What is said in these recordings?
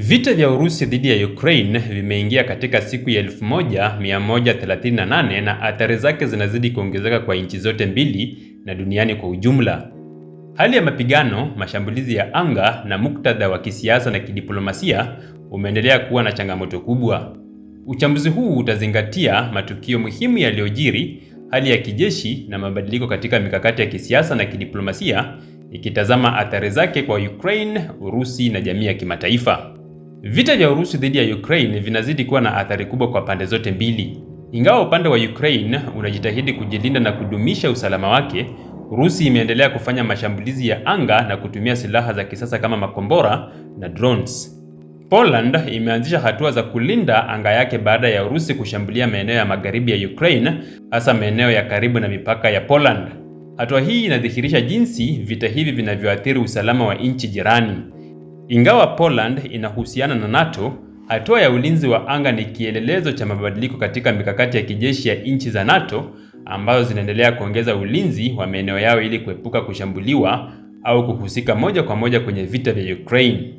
Vita vya Urusi dhidi ya Ukraine vimeingia katika siku ya 1138 na athari zake zinazidi kuongezeka kwa nchi zote mbili na duniani kwa ujumla. Hali ya mapigano, mashambulizi ya anga na muktadha wa kisiasa na kidiplomasia umeendelea kuwa na changamoto kubwa. Uchambuzi huu utazingatia matukio muhimu yaliyojiri, hali ya kijeshi na mabadiliko katika mikakati ya kisiasa na kidiplomasia, ikitazama athari zake kwa Ukraine, Urusi na jamii ya kimataifa. Vita vya Urusi dhidi ya Ukraine vinazidi kuwa na athari kubwa kwa pande zote mbili. Ingawa upande wa Ukraine unajitahidi kujilinda na kudumisha usalama wake, Urusi imeendelea kufanya mashambulizi ya anga na kutumia silaha za kisasa kama makombora na drones. Poland imeanzisha hatua za kulinda anga yake baada ya Urusi kushambulia maeneo ya magharibi ya Ukraine, hasa maeneo ya karibu na mipaka ya Poland. Hatua hii inadhihirisha jinsi vita hivi vinavyoathiri usalama wa nchi jirani. Ingawa Poland inahusiana na NATO, hatua ya ulinzi wa anga ni kielelezo cha mabadiliko katika mikakati ya kijeshi ya nchi za NATO ambazo zinaendelea kuongeza ulinzi wa maeneo yao ili kuepuka kushambuliwa au kuhusika moja kwa moja kwenye vita vya Ukraine.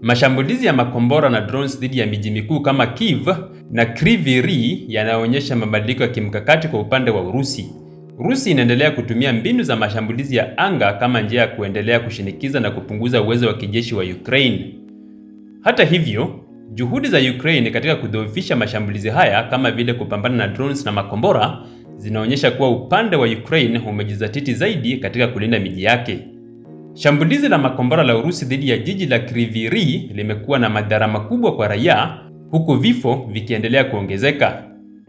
Mashambulizi ya makombora na drones dhidi ya miji mikuu kama Kiev na Kryvyi Rih yanaonyesha mabadiliko ya kimkakati kwa upande wa Urusi. Urusi inaendelea kutumia mbinu za mashambulizi ya anga kama njia ya kuendelea kushinikiza na kupunguza uwezo wa kijeshi wa Ukraine. Hata hivyo, juhudi za Ukraine katika kudhoofisha mashambulizi haya kama vile kupambana na drones na makombora zinaonyesha kuwa upande wa Ukraine umejizatiti zaidi katika kulinda miji yake. Shambulizi la makombora la Urusi dhidi ya jiji la Kryvyi Rih limekuwa na madhara makubwa kwa raia huku vifo vikiendelea kuongezeka.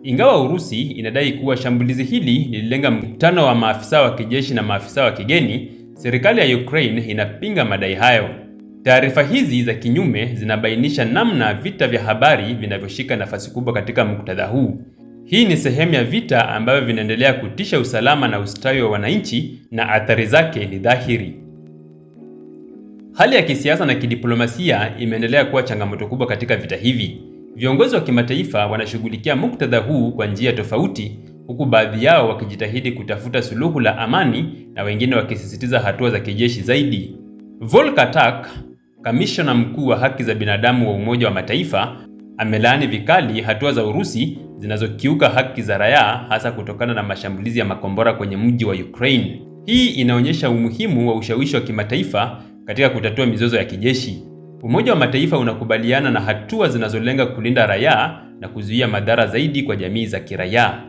Ingawa Urusi inadai kuwa shambulizi hili lililenga mkutano wa maafisa wa kijeshi na maafisa wa kigeni, serikali ya Ukraine inapinga madai hayo. Taarifa hizi za kinyume zinabainisha namna vita vya habari vinavyoshika nafasi kubwa katika muktadha huu. Hii ni sehemu ya vita ambavyo vinaendelea kutisha usalama na ustawi wa wananchi na athari zake ni dhahiri. Hali ya kisiasa na kidiplomasia imeendelea kuwa changamoto kubwa katika vita hivi. Viongozi wa kimataifa wanashughulikia muktadha huu kwa njia tofauti, huku baadhi yao wakijitahidi kutafuta suluhu la amani na wengine wakisisitiza hatua za kijeshi zaidi. Volker Turk, kamishona mkuu wa haki za binadamu wa Umoja wa Mataifa, amelaani vikali hatua za Urusi zinazokiuka haki za raia hasa kutokana na mashambulizi ya makombora kwenye mji wa Ukraine. Hii inaonyesha umuhimu wa ushawishi wa kimataifa katika kutatua mizozo ya kijeshi. Umoja wa Mataifa unakubaliana na hatua zinazolenga kulinda raia na kuzuia madhara zaidi kwa jamii za kiraia.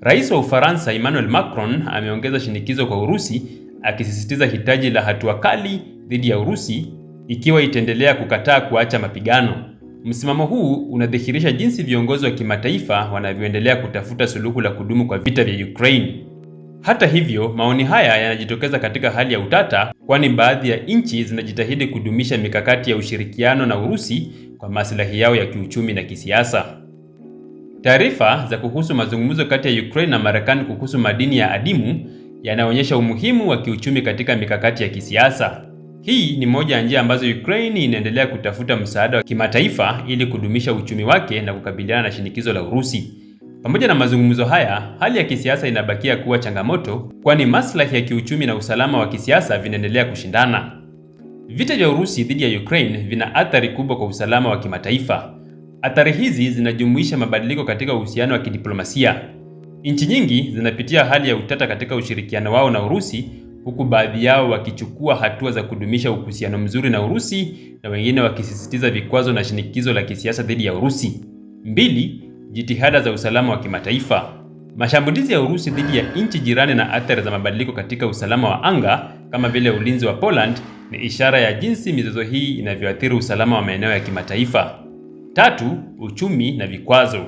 Rais wa Ufaransa Emmanuel Macron ameongeza shinikizo kwa Urusi akisisitiza hitaji la hatua kali dhidi ya Urusi ikiwa itaendelea kukataa kuacha mapigano. Msimamo huu unadhihirisha jinsi viongozi wa kimataifa wanavyoendelea kutafuta suluhu la kudumu kwa vita vya Ukraine. Hata hivyo, maoni haya yanajitokeza katika hali ya utata, kwani baadhi ya nchi zinajitahidi kudumisha mikakati ya ushirikiano na Urusi kwa maslahi yao ya kiuchumi na kisiasa. Taarifa za kuhusu mazungumzo kati ya Ukraine na Marekani kuhusu madini ya adimu yanaonyesha umuhimu wa kiuchumi katika mikakati ya kisiasa. Hii ni moja ya njia ambazo Ukraine inaendelea kutafuta msaada wa kimataifa ili kudumisha uchumi wake na kukabiliana na shinikizo la Urusi. Pamoja na mazungumzo haya, hali ya kisiasa inabakia kuwa changamoto, kwani maslahi ya kiuchumi na usalama wa kisiasa vinaendelea kushindana. Vita vya Urusi dhidi ya Ukraine vina athari kubwa kwa usalama wa kimataifa. Athari hizi zinajumuisha mabadiliko katika uhusiano wa kidiplomasia. Nchi nyingi zinapitia hali ya utata katika ushirikiano wao na Urusi, huku baadhi yao wakichukua hatua za kudumisha uhusiano mzuri na Urusi na wengine wakisisitiza vikwazo na shinikizo la kisiasa dhidi ya Urusi. Mbili, jitihada za usalama wa kimataifa. Mashambulizi ya Urusi dhidi ya nchi jirani na athari za mabadiliko katika usalama wa anga kama vile ulinzi wa Poland ni ishara ya jinsi mizozo hii inavyoathiri usalama wa maeneo ya kimataifa. Tatu, uchumi na vikwazo.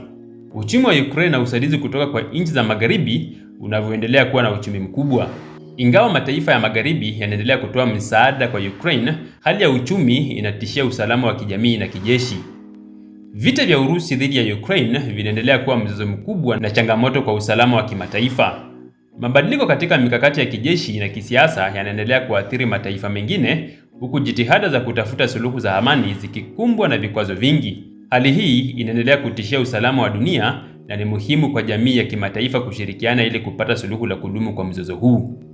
Uchumi wa Ukraine na usaidizi kutoka kwa nchi za magharibi unavyoendelea kuwa na uchumi mkubwa. Ingawa mataifa ya magharibi yanaendelea kutoa msaada kwa Ukraine, hali ya uchumi inatishia usalama wa kijamii na kijeshi. Vita vya Urusi dhidi ya Ukraine vinaendelea kuwa mzozo mkubwa na changamoto kwa usalama wa kimataifa. Mabadiliko katika mikakati ya kijeshi na kisiasa yanaendelea kuathiri mataifa mengine, huku jitihada za kutafuta suluhu za amani zikikumbwa na vikwazo vingi. Hali hii inaendelea kutishia usalama wa dunia na ni muhimu kwa jamii ya kimataifa kushirikiana ili kupata suluhu la kudumu kwa mzozo huu.